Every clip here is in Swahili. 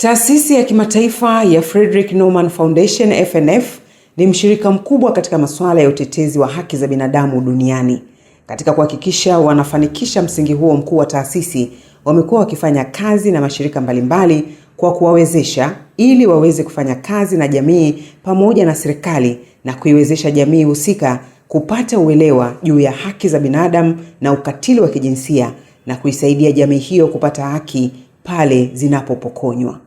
Taasisi ya kimataifa ya Frederick Norman Foundation FNF ni mshirika mkubwa katika masuala ya utetezi wa haki za binadamu duniani. Katika kuhakikisha wanafanikisha msingi huo mkuu wa taasisi, wamekuwa wakifanya kazi na mashirika mbalimbali kwa kuwawezesha ili waweze kufanya kazi na jamii pamoja na serikali na kuiwezesha jamii husika kupata uelewa juu ya haki za binadamu na ukatili wa kijinsia na kuisaidia jamii hiyo kupata haki pale zinapopokonywa.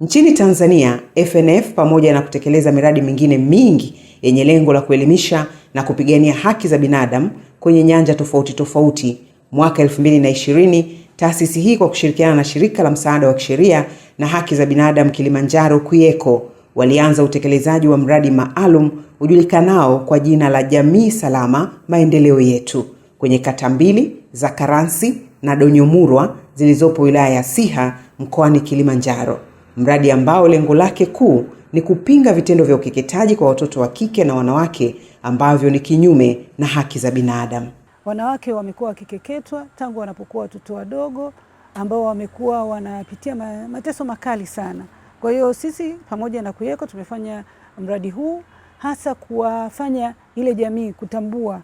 Nchini Tanzania, FNF pamoja na kutekeleza miradi mingine mingi yenye lengo la kuelimisha na kupigania haki za binadamu kwenye nyanja tofauti tofauti, mwaka 2020 taasisi hii kwa kushirikiana na shirika la msaada wa kisheria na haki za binadamu Kilimanjaro KWIECO walianza utekelezaji wa mradi maalum ujulikanao kwa jina la Jamii Salama Maendeleo Yetu kwenye kata mbili za Karansi na Donyomurwa zilizopo wilaya ya Siha mkoani Kilimanjaro, mradi ambao lengo lake kuu ni kupinga vitendo vya ukeketaji kwa watoto wa kike na wanawake ambavyo ni kinyume na haki za binadamu. Wanawake wamekuwa wakikeketwa tangu wanapokuwa watoto wadogo ambao wamekuwa wanapitia mateso makali sana. Kwa hiyo sisi pamoja na kuyeko tumefanya mradi huu hasa kuwafanya ile jamii kutambua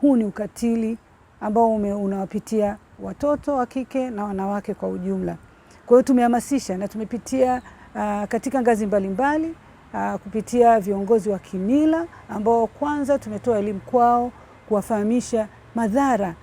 huu ni ukatili ambao unawapitia watoto wa kike na wanawake kwa ujumla. Kwa hiyo tumehamasisha na tumepitia uh, katika ngazi mbalimbali mbali, uh, kupitia viongozi wa kimila ambao kwanza tumetoa elimu kwao kuwafahamisha madhara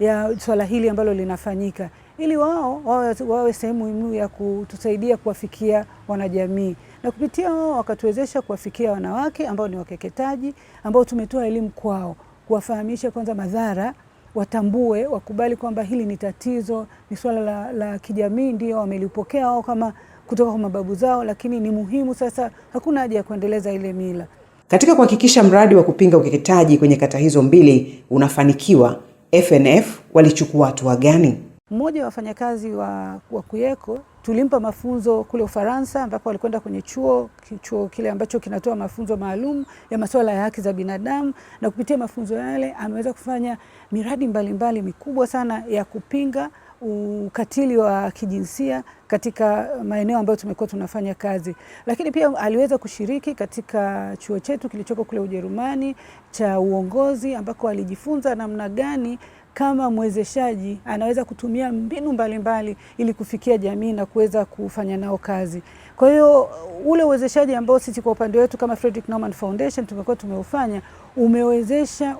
ya swala hili ambalo linafanyika ili wao wawe sehemu muhimu ya kutusaidia kuwafikia wanajamii na kupitia wao wakatuwezesha kuwafikia wanawake ambao ni wakeketaji, ambao tumetoa elimu kwao, kuwafahamisha kwanza madhara, watambue, wakubali kwamba hili ni tatizo, ni swala la, la kijamii, ndio wamelipokea wao kama kutoka kwa mababu zao, lakini ni muhimu sasa, hakuna haja ya kuendeleza ile mila. Katika kuhakikisha mradi wa kupinga ukeketaji kwenye kata hizo mbili unafanikiwa, FNF walichukua hatua gani? Mmoja wa wafanyakazi wa, wa kuyeko tulimpa mafunzo kule Ufaransa, ambapo alikwenda kwenye chuo chuo kile ambacho kinatoa mafunzo maalum ya masuala ya haki za binadamu, na kupitia mafunzo yale ameweza kufanya miradi mbalimbali mbali mikubwa sana ya kupinga ukatili wa kijinsia katika maeneo ambayo tumekuwa tunafanya kazi, lakini pia aliweza kushiriki katika chuo chetu kilichoko kule Ujerumani cha uongozi ambako alijifunza namna gani kama mwezeshaji anaweza kutumia mbinu mbalimbali mbali ili kufikia jamii na kuweza kufanya nao kazi. Kwa hiyo ule uwezeshaji ambao sisi kwa upande wetu kama Frederick Norman Foundation tumekuwa tumeufanya umewezesha,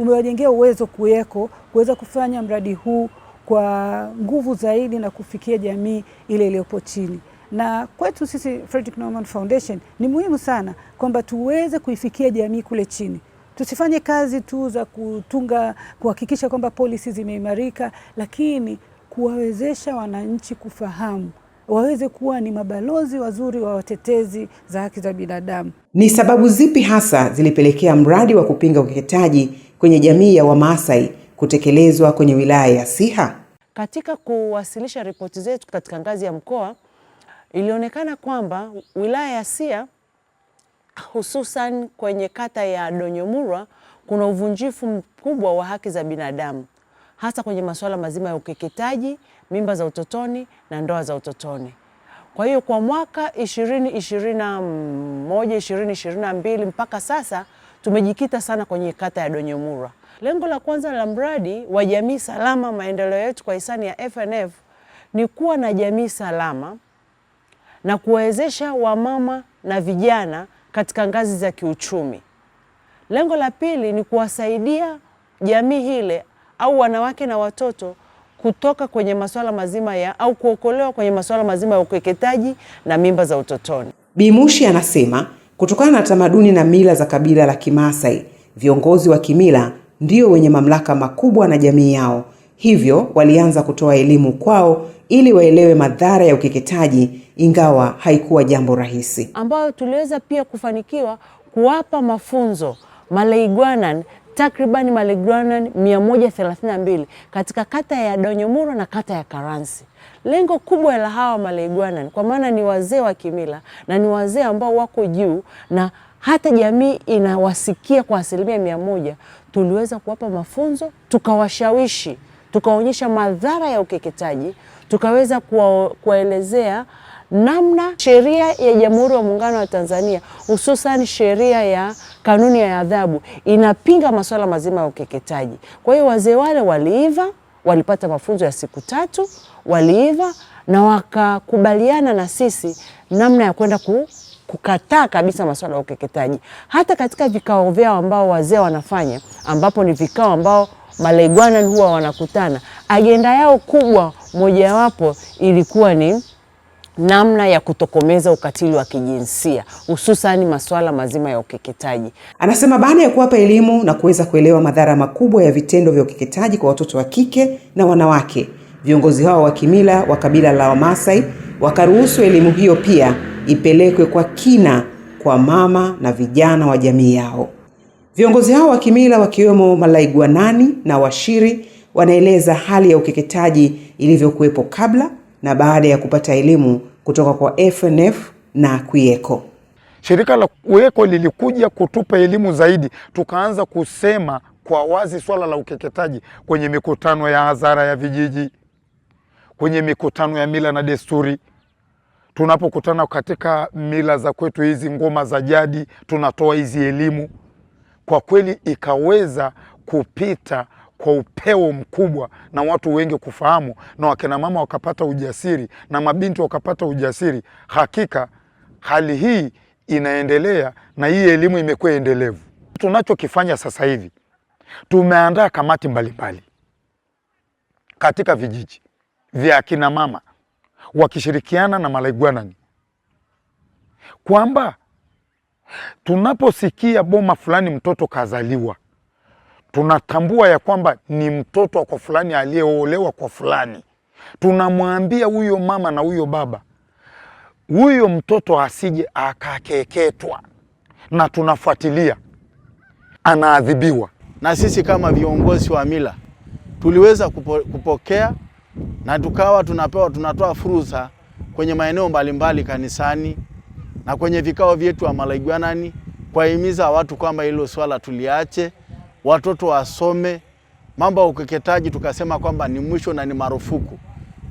umewajengea uwezo kuweko kuweza kufanya mradi huu kwa nguvu zaidi na kufikia jamii ile iliyopo chini na kwetu sisi Frederick Norman Foundation ni muhimu sana kwamba tuweze kuifikia jamii kule chini, Tusifanye kazi tu za kutunga, kuhakikisha kwamba polisi zimeimarika, lakini kuwawezesha wananchi kufahamu waweze kuwa ni mabalozi wazuri wa watetezi za haki za binadamu. Ni sababu zipi hasa zilipelekea mradi wa kupinga ukeketaji kwenye jamii ya Wamaasai kutekelezwa kwenye wilaya ya Siha? Katika kuwasilisha ripoti zetu katika ngazi ya mkoa, ilionekana kwamba wilaya ya Siha hususan kwenye kata ya Donyomurwa kuna uvunjifu mkubwa wa haki za binadamu hasa kwenye masuala mazima ya ukeketaji, mimba za utotoni na ndoa za utotoni. Kwa hiyo kwa mwaka 2021 2022 mpaka sasa tumejikita sana kwenye kata ya Donyomurwa. Lengo la kwanza la mradi wa jamii salama, maendeleo yetu kwa hisani ya FNF ni kuwa na jamii salama na kuwawezesha wamama na vijana katika ngazi za kiuchumi. Lengo la pili ni kuwasaidia jamii hile au wanawake na watoto kutoka kwenye masuala mazima ya au kuokolewa kwenye masuala mazima ya ukeketaji na mimba za utotoni. Bimushi anasema kutokana na tamaduni na mila za kabila la Kimasai, viongozi wa kimila ndio wenye mamlaka makubwa na jamii yao Hivyo walianza kutoa elimu kwao ili waelewe madhara ya ukeketaji, ingawa haikuwa jambo rahisi, ambayo tuliweza pia kufanikiwa kuwapa mafunzo malaigwanan takribani malaigwanan 132 katika kata ya Donyomuro na kata ya Karansi. Lengo kubwa la hawa malaigwanan, kwa maana ni wazee wa kimila na ni wazee ambao wako juu na hata jamii inawasikia kwa asilimia mia moja, tuliweza kuwapa mafunzo tukawashawishi tukaonyesha madhara ya ukeketaji, tukaweza kuwaelezea namna sheria ya Jamhuri ya Muungano wa Tanzania hususan sheria ya kanuni ya adhabu inapinga masuala mazima ya ukeketaji. Kwa hiyo wazee wale waliiva, walipata mafunzo ya siku tatu, waliiva na wakakubaliana na sisi namna ya kwenda ku kukataa kabisa masuala ya ukeketaji. Hata katika vikao vyao ambao wazee wanafanya, ambapo ni vikao ambao Malaigwana huwa wanakutana. Ajenda yao kubwa mojawapo ilikuwa ni namna ya kutokomeza ukatili wa kijinsia hususani masuala mazima ya ukeketaji. Anasema baada ya kuwapa elimu na kuweza kuelewa madhara makubwa ya vitendo vya ukeketaji kwa watoto wa kike na wanawake, viongozi hao wa kimila wa kabila la Wamasai wakaruhusu elimu hiyo pia ipelekwe kwa kina kwa mama na vijana wa jamii yao. Viongozi hao wa kimila wakiwemo Malaigwanani na Washiri wanaeleza hali ya ukeketaji ilivyokuwepo kabla na baada ya kupata elimu kutoka kwa FNF na Kwieko. Shirika la Kwieko lilikuja kutupa elimu zaidi, tukaanza kusema kwa wazi swala la ukeketaji kwenye mikutano ya hadhara ya vijiji, kwenye mikutano ya mila na desturi, tunapokutana katika mila za kwetu hizi, ngoma za jadi, tunatoa hizi elimu kwa kweli ikaweza kupita kwa upeo mkubwa na watu wengi kufahamu, na wakina mama wakapata ujasiri na mabinti wakapata ujasiri. Hakika hali hii inaendelea na hii elimu imekuwa endelevu. Tunachokifanya sasa hivi, tumeandaa kamati mbalimbali katika vijiji vya akina mama wakishirikiana na malaigwanani kwamba Tunaposikia boma fulani mtoto kazaliwa, tunatambua ya kwamba ni mtoto kwa fulani aliyeolewa kwa fulani. Tunamwambia huyo mama na huyo baba, huyo mtoto asije akakeketwa, na tunafuatilia, anaadhibiwa. Na sisi kama viongozi wa mila tuliweza kupo, kupokea na tukawa tunapewa tunatoa fursa kwenye maeneo mbalimbali kanisani na kwenye vikao vyetu amalaigwanani kuwahimiza watu kwamba hilo swala tuliache, watoto wasome. Mambo ya ukeketaji tukasema kwamba ni mwisho na ni marufuku,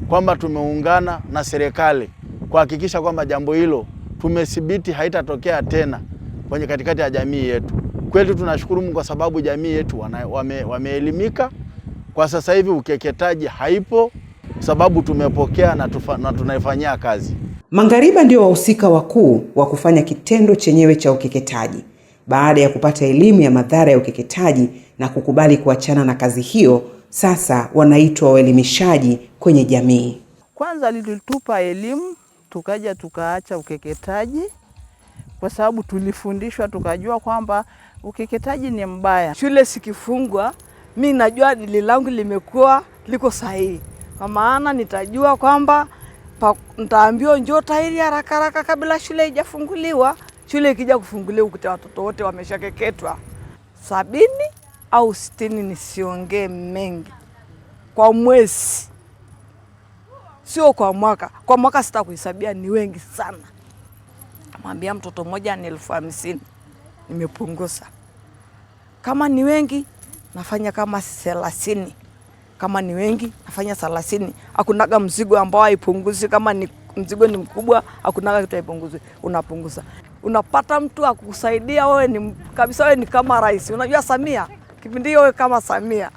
kwamba tumeungana na serikali kuhakikisha kwamba jambo hilo tumethibiti, haitatokea tena kwenye katikati ya jamii yetu. Kweli tunashukuru Mungu kwa sababu jamii yetu wame, wameelimika kwa sasa hivi, ukeketaji haipo sababu tumepokea na, na tunaifanyia kazi. Mangariba ndio wahusika wakuu wa kufanya kitendo chenyewe cha ukeketaji. Baada ya kupata elimu ya madhara ya ukeketaji na kukubali kuachana na kazi hiyo, sasa wanaitwa waelimishaji kwenye jamii. Kwanza lilitupa elimu, tukaja tukaacha ukeketaji kwa sababu tulifundishwa, tukajua kwamba ukeketaji ni mbaya. Shule sikifungwa, mi najua dili langu limekuwa liko sahihi, kwa maana nitajua kwamba ntaambiwa njoo tairi haraka haraka kabla shule haijafunguliwa. Shule ikija kufunguliwa ukuta watoto wote wameshakeketwa sabini au sitini, nisiongee mengi, kwa mwezi, sio kwa mwaka. Kwa mwaka sitakuhesabia, ni wengi sana. Mwambia mtoto mmoja ni elfu hamsini nimepunguza. Kama ni wengi nafanya kama thelathini kama ni wengi nafanya thelathini. Hakunaga mzigo ambao haipunguzi, kama ni mzigo ni mkubwa hakunaga kitu haipunguzi, unapunguza. Unapata mtu akusaidia wewe, ni kabisa, wewe ni kama rais. Unajua Samia kipindi hiyo, wewe kama Samia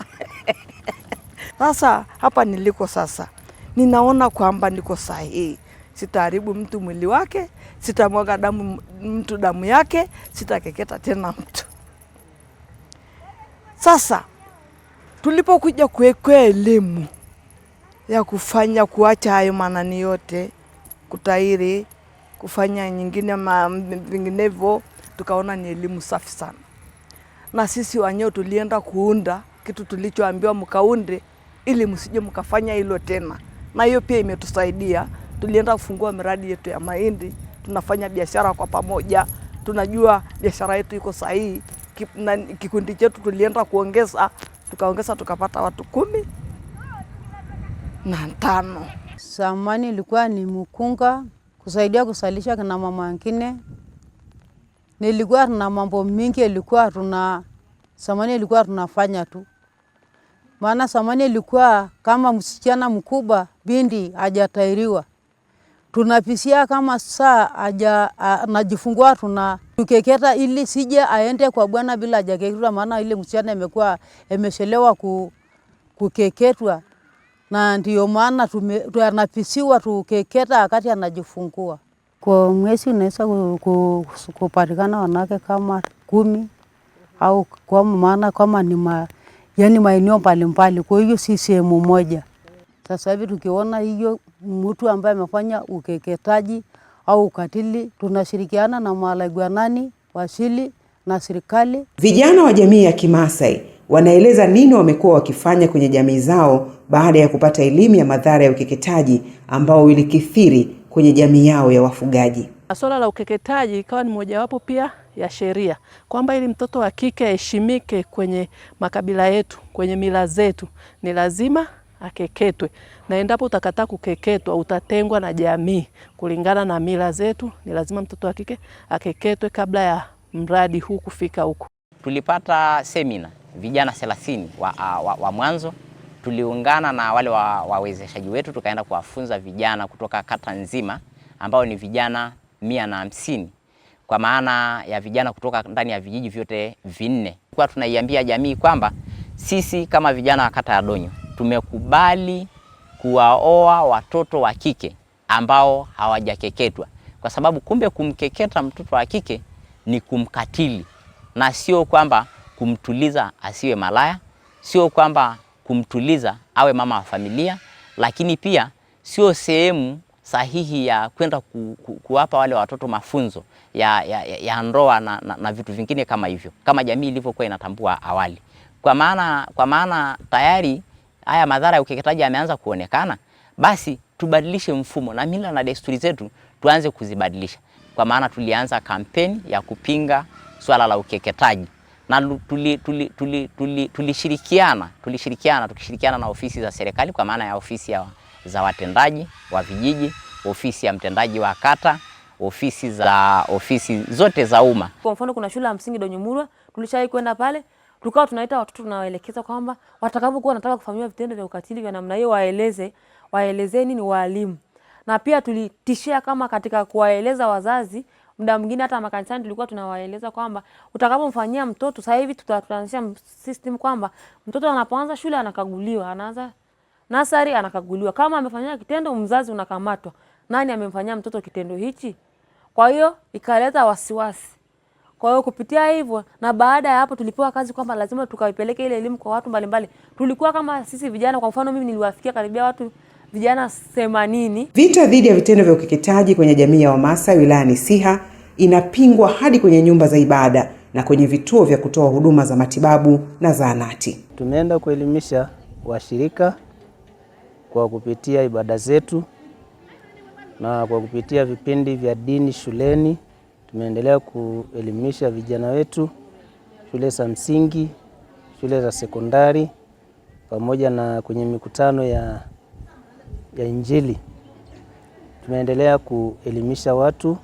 sasa hapa niliko sasa, ninaona kwamba niko sahihi. Sitaharibu mtu mwili wake, sitamwaga damu mtu damu yake, sitakeketa tena mtu. Sasa tulipokuja kuwekwa elimu ya kufanya kuacha hayo manani yote, kutairi, kufanya nyingine vinginevyo, tukaona ni elimu safi sana, na sisi wanyewe tulienda kuunda kitu tulichoambiwa mkaunde, ili msije mkafanya hilo tena. Na hiyo pia imetusaidia, tulienda kufungua miradi yetu ya mahindi, tunafanya biashara kwa pamoja, tunajua biashara yetu iko sahihi. Kikundi chetu tulienda kuongeza tukaongeza tukapata watu kumi na tano. samani ilikuwa ni mkunga kusaidia kusalisha kina mama wengine, nilikuwa na mambo mingi, ilikuwa tuna samani ilikuwa tunafanya tu, maana samani ilikuwa kama msichana mkubwa, bindi hajatairiwa tunapisia kama saa aja anajifungua tukeketa ili sije aende kwa bwana bila hajakeketwa, maana ile msichana imekuwa imeshelewa ku, kukeketwa na ndio maana anapisiwa tukeketa wakati anajifungua. Kwa mwezi unaweza kupatikana wanawake kama kumi au kwa maana kama ni ma, yani maeneo mbalimbali, kwa hiyo si sehemu moja. Sasa hivi tukiona hiyo mtu ambaye amefanya ukeketaji au ukatili. Tunashirikiana na malaigwanani wasili na serikali. Vijana wa jamii ya Kimasai wanaeleza nini wamekuwa wakifanya kwenye jamii zao baada ya kupata elimu ya madhara ya ukeketaji ambao ulikithiri kwenye jamii yao ya wafugaji. Swala la ukeketaji ikawa ni mojawapo pia ya sheria kwamba ili mtoto wa kike aheshimike kwenye makabila yetu, kwenye mila zetu, ni lazima akeketwe, na endapo utakataa kukeketwa utatengwa na jamii. Kulingana na mila zetu, ni lazima mtoto wa kike akeketwe kabla ya mradi huu kufika huko. Tulipata semina vijana 30 wa, wa, wa mwanzo tuliungana na wale wawezeshaji wa wetu tukaenda kuwafunza vijana kutoka kata nzima ambao ni vijana mia na hamsini kwa maana ya vijana kutoka ndani ya vijiji vyote vinne. Kwa tunaiambia jamii kwamba sisi kama vijana wa kata ya Donyo tumekubali kuwaoa watoto wa kike ambao hawajakeketwa, kwa sababu kumbe kumkeketa mtoto wa kike ni kumkatili, na sio kwamba kumtuliza asiwe malaya, sio kwamba kumtuliza awe mama wa familia, lakini pia sio sehemu sahihi ya kwenda ku, ku, kuwapa wale watoto mafunzo ya, ya, ya ndoa na, na, na vitu vingine kama hivyo, kama jamii ilivyokuwa inatambua awali, kwa maana kwa maana tayari haya madhara ya ukeketaji yameanza kuonekana, basi tubadilishe mfumo na mila na desturi zetu tuanze kuzibadilisha. Kwa maana tulianza kampeni ya kupinga swala la ukeketaji na tulishirikiana tuli, tuli, tuli, tulishirikiana tukishirikiana na ofisi za serikali kwa maana ya ofisi ya, za watendaji wa vijiji, ofisi ya mtendaji wa kata, ofisi za ofisi zote za umma. Kwa mfano kuna shule ya msingi donyumurwa tulishawahi kwenda pale tukawa tunaita watoto tunawaelekeza kwamba watakapokuwa wanataka kufanyiwa vitendo vya ukatili vya namna hiyo waeleze, waelezeni ni waalimu. Na pia tulitishia kama katika kuwaeleza wazazi, muda mwingine hata makanisani tulikuwa tunawaeleza kwamba utakapomfanyia mtoto, sasa hivi tutaanzisha system kwamba mtoto anapoanza shule anakaguliwa, anaanza nasari anakaguliwa, kama amefanyia kitendo, mzazi unakamatwa, nani amemfanyia mtoto kitendo hichi? Kwa hiyo ikaleta wasiwasi kwa hiyo kupitia hivyo na baada ya hapo tulipewa kazi kwamba lazima tukaipeleke ile elimu kwa watu mbalimbali. Tulikuwa kama sisi vijana, kwa mfano mimi niliwafikia karibia watu vijana themanini. Vita dhidi ya vitendo vya ukeketaji kwenye jamii ya Wamasai wilayani Siha inapingwa hadi kwenye nyumba za ibada na kwenye vituo vya kutoa huduma za matibabu na zahanati. Tumeenda kuelimisha washirika kwa kupitia ibada zetu na kwa kupitia vipindi vya dini shuleni. Tumeendelea kuelimisha vijana wetu shule za msingi, shule za sekondari, pamoja na kwenye mikutano ya, ya Injili. Tumeendelea kuelimisha watu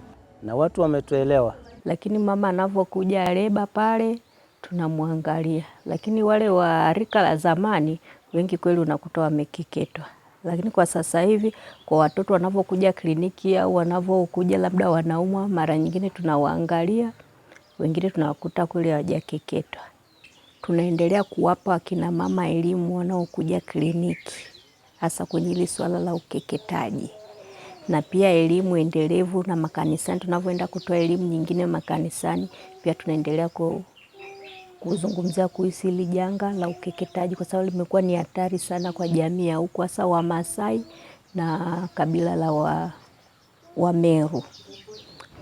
na watu wametuelewa, lakini mama anavyokuja leba pale tunamwangalia, lakini wale wa rika la zamani wengi kweli unakuta wamekeketwa. Lakini kwa sasa hivi kwa watoto wanavyokuja kliniki au wanavyokuja labda wanaumwa, mara nyingine tunawaangalia, wengine tunawakuta kule hawajakeketwa. Tunaendelea kuwapa akina mama elimu wanaokuja kliniki, hasa kwenye hili swala la ukeketaji, na pia elimu endelevu na makanisani, tunavyoenda kutoa elimu nyingine makanisani, pia tunaendelea ku kuzungumzia kuhusu hili janga la ukeketaji, kwa sababu limekuwa ni hatari sana kwa jamii ya huku, hasa Wamasai na kabila la wa, wa Meru.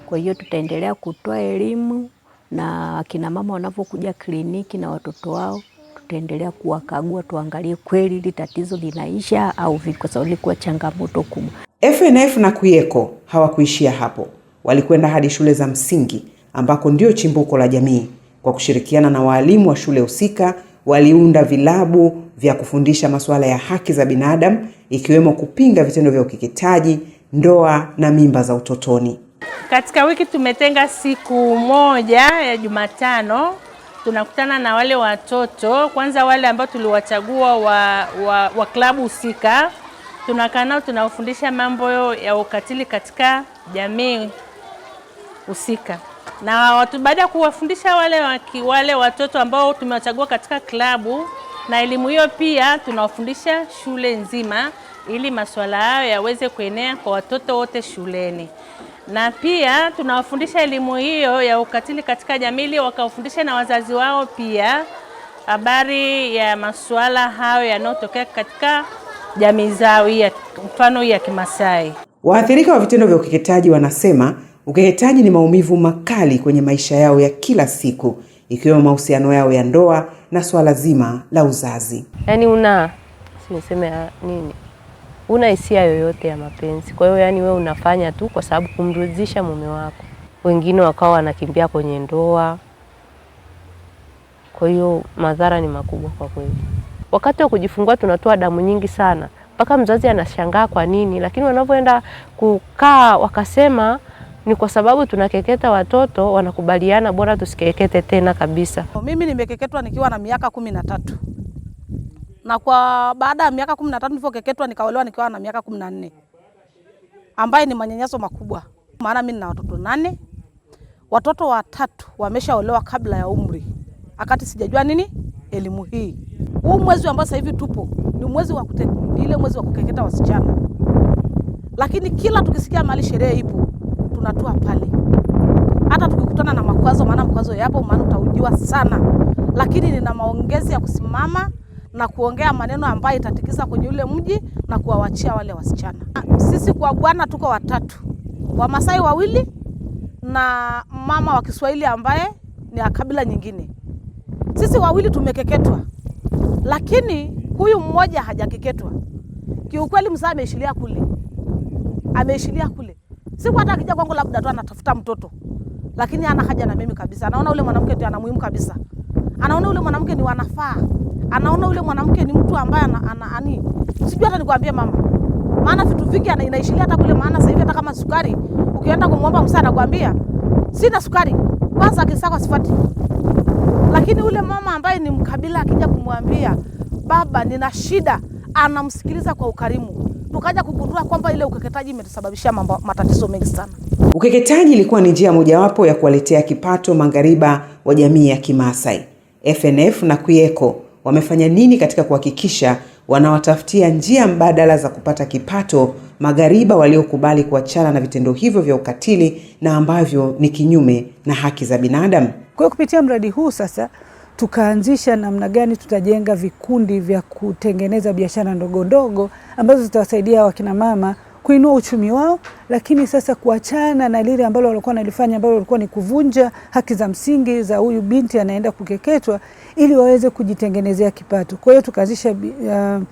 Kwa hiyo tutaendelea kutoa elimu na akina mama wanapokuja kliniki na watoto wao, tutaendelea kuwakagua, tuangalie kweli hili tatizo linaisha au vipi, kwa sababu ilikuwa changamoto kubwa. FNF na Kuyeko hawakuishia hapo, walikwenda hadi shule za msingi ambako ndio chimbuko la jamii kwa kushirikiana na waalimu wa shule husika waliunda vilabu vya kufundisha masuala ya haki za binadamu ikiwemo kupinga vitendo vya ukeketaji, ndoa na mimba za utotoni. Katika wiki tumetenga siku moja ya Jumatano, tunakutana na wale watoto kwanza, wale ambao tuliwachagua wa, wa, wa klabu husika, tunakaa nao, tunawafundisha mambo ya ukatili katika jamii husika na baada ya kuwafundisha wale, wale watoto ambao tumewachagua katika klabu na elimu hiyo pia tunawafundisha shule nzima ili masuala hayo yaweze kuenea kwa watoto wote shuleni, na pia tunawafundisha elimu hiyo ya ukatili katika jamii ili wakawafundisha na wazazi wao pia habari ya masuala hayo yanayotokea katika jamii zao, mfano hii ya Kimasai. Waathirika wa vitendo vya ukeketaji wanasema Ukeketaji ni maumivu makali kwenye maisha yao ya kila siku, ikiwemo mahusiano yao ya ndoa na swala zima la uzazi. Yaani una siniseme ah, nini, una hisia yoyote ya mapenzi. Kwa hiyo yani, wewe unafanya tu kwa sababu kumridhisha mume wako. Wengine wakawa wanakimbia kwenye ndoa, kwa hiyo madhara ni makubwa kwa kweli. Wakati wa kujifungua tunatoa damu nyingi sana, mpaka mzazi anashangaa kwa nini, lakini wanavyoenda kukaa wakasema ni kwa sababu tunakeketa watoto wanakubaliana, bora tusikekete tena kabisa. Mimi nimekeketwa nikiwa na miaka kumi na tatu na kwa baada ya miaka kumi na tatu nilivyokeketwa nikaolewa nikiwa na miaka kumi na nne ambaye ni manyanyaso makubwa, maana mimi nina watoto nane, watoto watatu wameshaolewa kabla ya umri, akati sijajua nini elimu hii. Huu mwezi ambao sasa hivi tupo ni mwezi wa kute, ile mwezi wa kukeketa wasichana, lakini kila tukisikia mali sherehe ipo unatua pale, hata tukikutana na makwazo, maana makwazo yapo, maana utaujua sana, lakini nina maongezi ya kusimama na kuongea maneno ambayo itatikisa kwenye ule mji na kuwawachia wale wasichana. Sisi kwa Bwana tuko watatu, Wamasai wawili na mama wa Kiswahili ambaye ni kabila nyingine. Sisi wawili tumekeketwa, lakini huyu mmoja hajakeketwa. Kiukweli, msaa ameishilia kule, ameishilia kule siku hata akija kwangu labda tu anatafuta mtoto, lakini ana haja na mimi kabisa. Anaona ule mwanamke ndio anamuhimu kabisa, anaona ule mwanamke ni wanafaa, anaona ule mwanamke ni mtu ambaye ana, ana, ani sijui hata nikwambie mama, maana vitu vingi inaishilia hata kule. Maana sasa hivi hata kama sukari ukienda kumwomba msaada anakuambia sina sukari, kwanza akisaka sifati. Lakini ule mama ambaye ni mkabila akija kumwambia baba, nina shida, anamsikiliza kwa ukarimu tukaja kugundua kwamba ile ukeketaji imetusababishia mambo matatizo mengi sana. Ukeketaji ilikuwa ni njia mojawapo ya kuwaletea kipato mangariba wa jamii ya Kimaasai. FNF na Kwieko wamefanya nini katika kuhakikisha wanawatafutia njia mbadala za kupata kipato maghariba waliokubali kuachana na vitendo hivyo vya ukatili na ambavyo ni kinyume na haki za binadamu. Kwa kupitia mradi huu sasa tukaanzisha namna gani tutajenga vikundi vya kutengeneza biashara ndogo ndogo ambazo zitawasaidia wakinamama kuinua uchumi wao, lakini sasa kuachana na lile ambalo walikuwa nalifanya ambalo walikuwa ni kuvunja haki za msingi za huyu binti anaenda kukeketwa, ili waweze kujitengenezea kipato. Kwa hiyo tukaanzisha uh,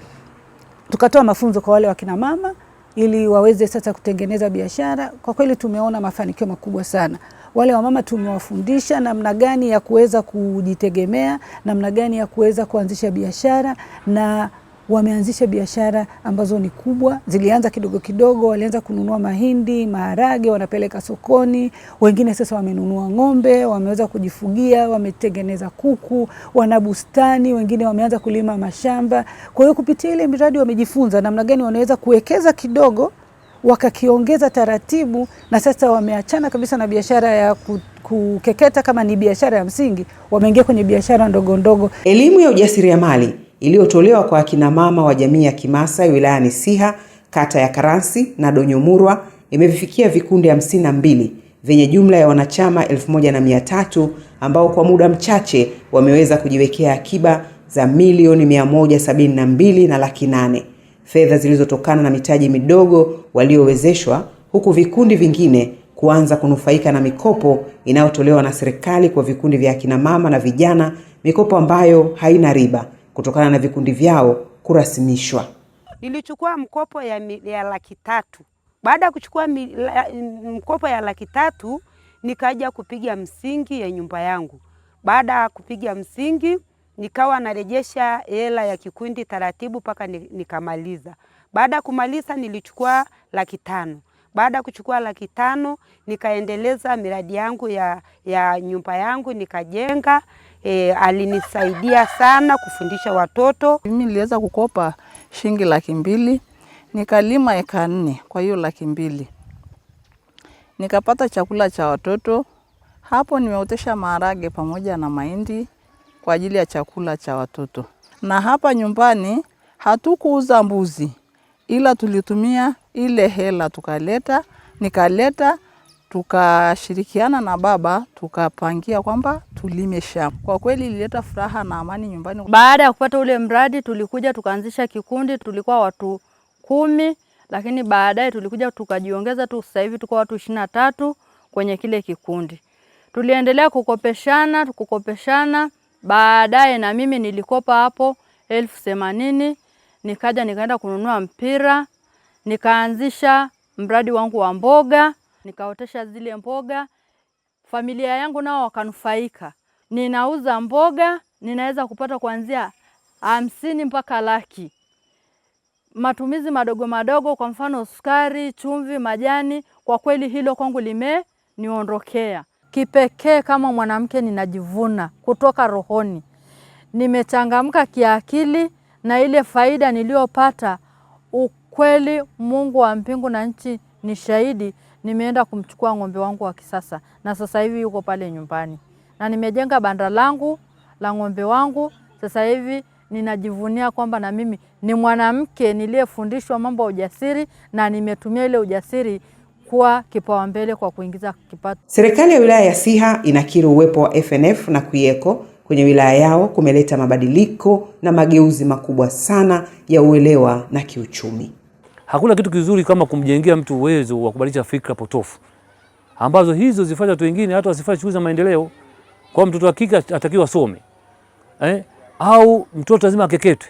tukatoa mafunzo kwa wale wakinamama ili waweze sasa kutengeneza biashara. Kwa kweli tumeona mafanikio makubwa sana wale wamama tumewafundisha namna gani ya kuweza kujitegemea, namna gani ya kuweza kuanzisha biashara na wameanzisha biashara ambazo ni kubwa. Zilianza kidogo kidogo, walianza kununua mahindi, maharage, wanapeleka sokoni. Wengine sasa wamenunua ng'ombe, wameweza kujifugia, wametengeneza kuku, wana bustani, wengine wameanza kulima mashamba. Kwa hiyo kupitia ile miradi wamejifunza namna gani wanaweza kuwekeza kidogo wakakiongeza taratibu, na sasa wameachana kabisa na biashara ya kukeketa kama ni biashara ya msingi, wameingia kwenye biashara ndogo ndogo. Elimu ya ujasiriamali iliyotolewa kwa akina mama wa jamii ya Kimasai wilayani Siha, kata ya Karansi na Donyomurwa imevifikia vikundi hamsini na mbili vyenye jumla ya wanachama elfu moja na mia tatu ambao kwa muda mchache wameweza kujiwekea akiba za milioni mia moja sabini na mbili na laki nane fedha zilizotokana na mitaji midogo waliowezeshwa, huku vikundi vingine kuanza kunufaika na mikopo inayotolewa na serikali kwa vikundi vya akina mama na vijana, mikopo ambayo haina riba kutokana na vikundi vyao kurasimishwa. Nilichukua mkopo ya, ya laki tatu. Baada ya kuchukua mkopo ya laki tatu nikaja kupiga msingi ya nyumba yangu. Baada ya kupiga msingi nikawa narejesha hela ya kikundi taratibu mpaka nikamaliza. Baada ya kumaliza nilichukua laki tano. Baada ya kuchukua laki tano nikaendeleza miradi yangu ya, ya nyumba yangu nikajenga. E, alinisaidia sana kufundisha watoto. Mimi niliweza kukopa shilingi laki mbili nikalima eka nne kwa hiyo laki mbili nikapata chakula cha watoto hapo. Nimeotesha maharage pamoja na mahindi kwa ajili ya chakula cha watoto. Na hapa nyumbani hatukuuza mbuzi, ila tulitumia ile hela tukaleta, nikaleta tukashirikiana na baba tukapangia kwamba tulime shamba. Kwa kweli ilileta furaha na amani nyumbani. Baada ya kupata ule mradi, tulikuja tukaanzisha kikundi, tulikuwa watu kumi, lakini baadaye tulikuja tukajiongeza tu, sasa hivi tuko watu ishirini na tatu kwenye kile kikundi. Tuliendelea kukopeshana kukopeshana Baadaye na mimi nilikopa hapo elfu themanini nikaja nikaenda kununua mpira, nikaanzisha mradi wangu wa mboga, nikaotesha zile mboga, familia yangu nao wakanufaika. Ninauza mboga, ninaweza kupata kuanzia hamsini mpaka laki. Matumizi madogo madogo, kwa mfano sukari, chumvi, majani, kwa kweli hilo kwangu limeniondokea kipekee kama mwanamke ninajivuna kutoka rohoni. Nimechangamka kiakili na ile faida niliyopata, ukweli Mungu wa mbingu na nchi ni shahidi. Nimeenda kumchukua ng'ombe wangu wa kisasa na sasa hivi yuko pale nyumbani, na nimejenga banda langu la ng'ombe wangu. Sasa hivi ninajivunia kwamba na mimi ni mwanamke niliyefundishwa mambo ya ujasiri na nimetumia ile ujasiri kuwa kipaumbele kwa kuingiza kipato. Serikali ya wilaya ya Siha inakiri uwepo wa FNF na kuieko kwenye wilaya yao kumeleta mabadiliko na mageuzi makubwa sana ya uelewa na kiuchumi. Hakuna kitu kizuri kama kumjengea mtu uwezo wa kubadilisha fikra potofu ambazo hizo zifanya watu wengine hata wasifanye shughuli za maendeleo. Kwa mtoto wa kike atakiwa asome eh, au mtoto lazima akeketwe.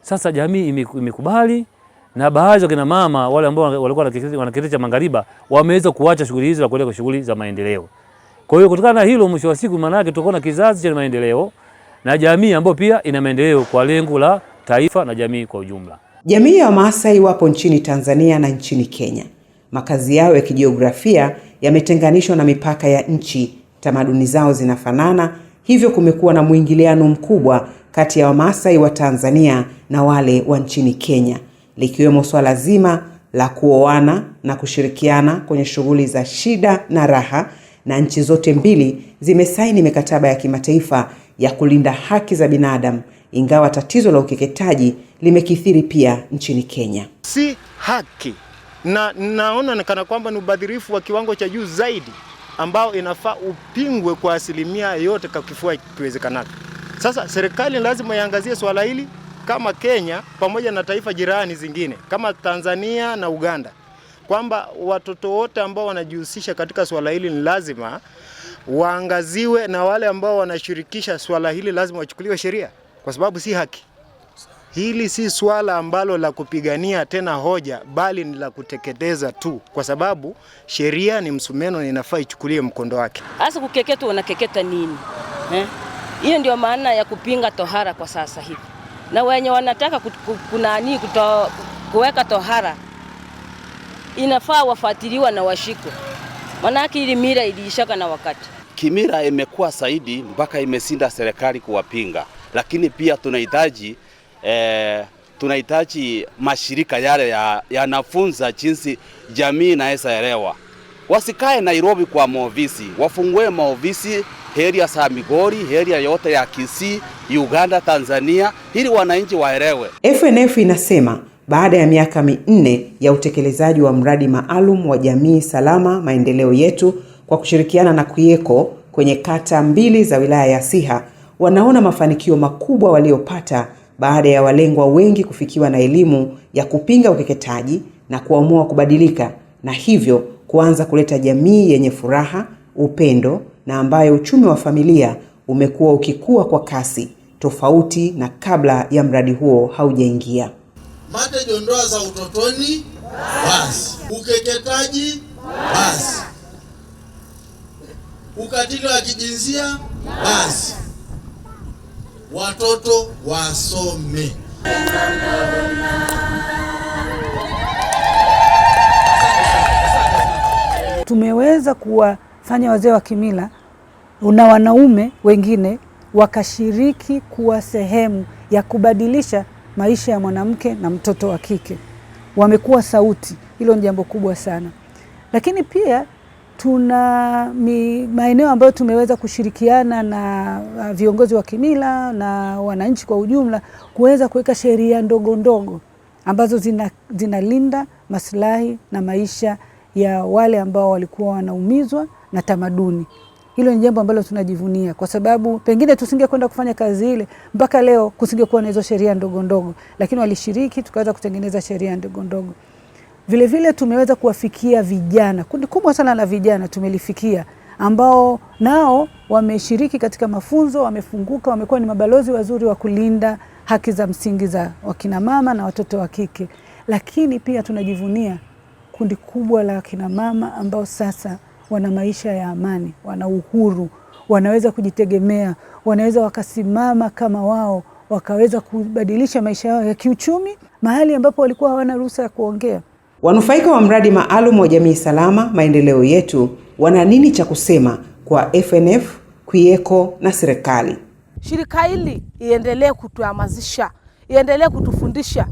Sasa jamii imekubali na baadhi ya kina mama wale ambao walikuwa wana cha mangariba wameweza kuacha shughuli hizo na kuelekea kwa shughuli za maendeleo. Kwa hiyo kutokana na hilo, mwisho wa siku, maana yake tutakuwa na kizazi cha maendeleo na jamii ambayo pia ina maendeleo kwa lengo la taifa na jamii kwa ujumla. Jamii ya wamaasai wapo nchini Tanzania na nchini Kenya. Makazi yao ya kijiografia yametenganishwa na mipaka ya nchi, tamaduni zao zinafanana, hivyo kumekuwa na mwingiliano mkubwa kati ya wamaasai wa Tanzania na wale wa nchini Kenya likiwemo swala zima la kuoana na kushirikiana kwenye shughuli za shida na raha, na nchi zote mbili zimesaini mikataba ya kimataifa ya kulinda haki za binadamu, ingawa tatizo la ukeketaji limekithiri pia nchini Kenya. Si haki na naonekana kwamba ni ubadhirifu wa kiwango cha juu zaidi ambao inafaa upingwe kwa asilimia yote kwa kifua Sasa serikali lazima iangazie swala hili kama Kenya pamoja na taifa jirani zingine kama Tanzania na Uganda kwamba watoto wote ambao wanajihusisha katika swala hili ni lazima waangaziwe na wale ambao wanashirikisha swala hili lazima wachukuliwe sheria, kwa sababu si haki. Hili si swala ambalo la kupigania tena hoja, bali ni la kuteketeza tu, kwa sababu sheria ni msumeno na inafaa ichukulie mkondo wake. Hasa kukeketwa, unakeketa nini? Eh? Hiyo eh, ndio maana ya kupinga tohara kwa sasa hivi na wenye wanataka kunani kuweka tohara inafaa wafuatiliwa na washiko manake ili mira iliishaka na wakati. Kimira imekuwa zaidi mpaka imesinda serikali kuwapinga, lakini pia tunahitaji eh, tunahitaji mashirika yale yanafunza ya jinsi jamii inaweza elewa, wasikae Nairobi kwa maofisi, wafungue maofisi heria za Migori, area yote ya Kisii, Uganda, Tanzania, ili wananchi waelewe. FNF inasema baada ya miaka minne ya utekelezaji wa mradi maalum wa jamii salama maendeleo yetu kwa kushirikiana na KWIECO kwenye kata mbili za wilaya ya Siha, wanaona mafanikio makubwa waliopata baada ya walengwa wengi kufikiwa na elimu ya kupinga ukeketaji na kuamua kubadilika na hivyo kuanza kuleta jamii yenye furaha, upendo na ambayo uchumi wa familia umekuwa ukikua kwa kasi tofauti na kabla ya mradi huo haujaingia. Matejo, ndoa za utotoni basi, ukeketaji basi, ukatili wa kijinsia basi, watoto wasome. Tumeweza kuwa fanya wazee wa kimila na wanaume wengine wakashiriki kuwa sehemu ya kubadilisha maisha ya mwanamke na mtoto wa kike. Wamekuwa sauti, hilo ni jambo kubwa sana. Lakini pia tuna maeneo ambayo tumeweza kushirikiana na uh, viongozi wa kimila na wananchi kwa ujumla kuweza kuweka sheria ndogo ndogo ambazo zinalinda zina maslahi na maisha ya wale ambao walikuwa wanaumizwa na tamaduni. Hilo ni jambo ambalo tunajivunia kwa sababu pengine tusingekwenda kufanya kazi ile mpaka leo, kusingekuwa na hizo sheria ndogo ndogo, lakini walishiriki, tukaweza kutengeneza sheria ndogo ndogo. Vile vile tumeweza kuwafikia vijana, kundi kubwa sana la vijana tumelifikia, ambao nao wameshiriki katika mafunzo, wamefunguka, wamekuwa ni mabalozi wazuri wa kulinda haki za msingi za wakina mama na watoto wa kike. Lakini pia tunajivunia kundi kubwa la wakinamama ambao sasa wana maisha ya amani, wana uhuru, wanaweza kujitegemea, wanaweza wakasimama kama wao, wakaweza kubadilisha maisha yao ya kiuchumi mahali ambapo walikuwa hawana ruhusa ya kuongea. Wanufaika wa mradi maalum wa Jamii Salama Maendeleo Yetu wana nini cha kusema kwa FNF, kuieko na serikali? Shirika hili iendelee kutuhamasisha, iendelee kutufundisha,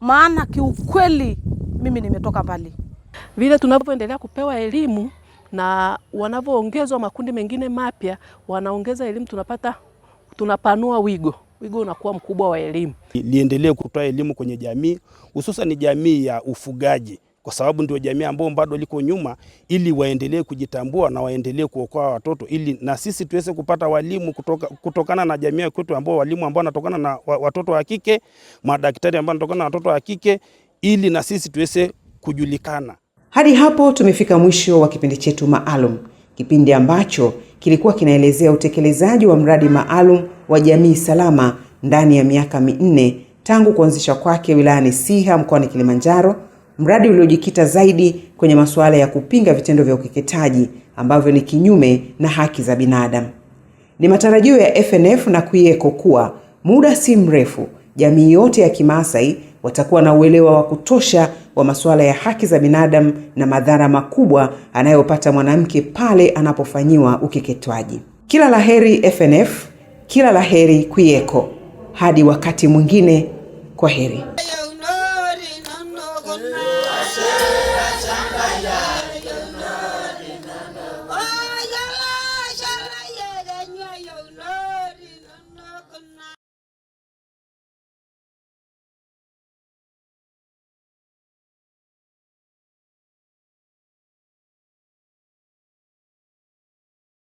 maana kiukweli mimi nimetoka mbali vile tunavyoendelea kupewa elimu na wanavyoongezwa makundi mengine mapya, wanaongeza elimu, tunapata tunapanua wigo, wigo unakuwa mkubwa wa elimu. Liendelee kutoa elimu kwenye jamii, hususan jamii ya ufugaji, kwa sababu ndio jamii ambayo bado liko nyuma, ili waendelee kujitambua na waendelee kuokoa watoto, ili na sisi tuweze kupata walimu kutoka, kutokana na jamii yetu, ambao walimu ambao wanatokana na watoto wa kike, madaktari ambao wanatokana na watoto wa kike, ili na sisi tuweze kujulikana. Hadi hapo tumefika mwisho wa kipindi chetu maalum, kipindi ambacho kilikuwa kinaelezea utekelezaji wa mradi maalum wa jamii salama ndani ya miaka minne tangu kuanzishwa kwake wilayani Siha mkoani Kilimanjaro, mradi uliojikita zaidi kwenye masuala ya kupinga vitendo vya ukeketaji ambavyo ni kinyume na haki za binadamu. Ni matarajio ya FNF na kuieko kuwa muda si mrefu jamii yote ya Kimaasai watakuwa na uelewa wa kutosha wa masuala ya haki za binadamu na madhara makubwa anayopata mwanamke pale anapofanyiwa ukeketwaji. Kila laheri FNF, kila laheri Kwieko. Hadi wakati mwingine, kwa heri.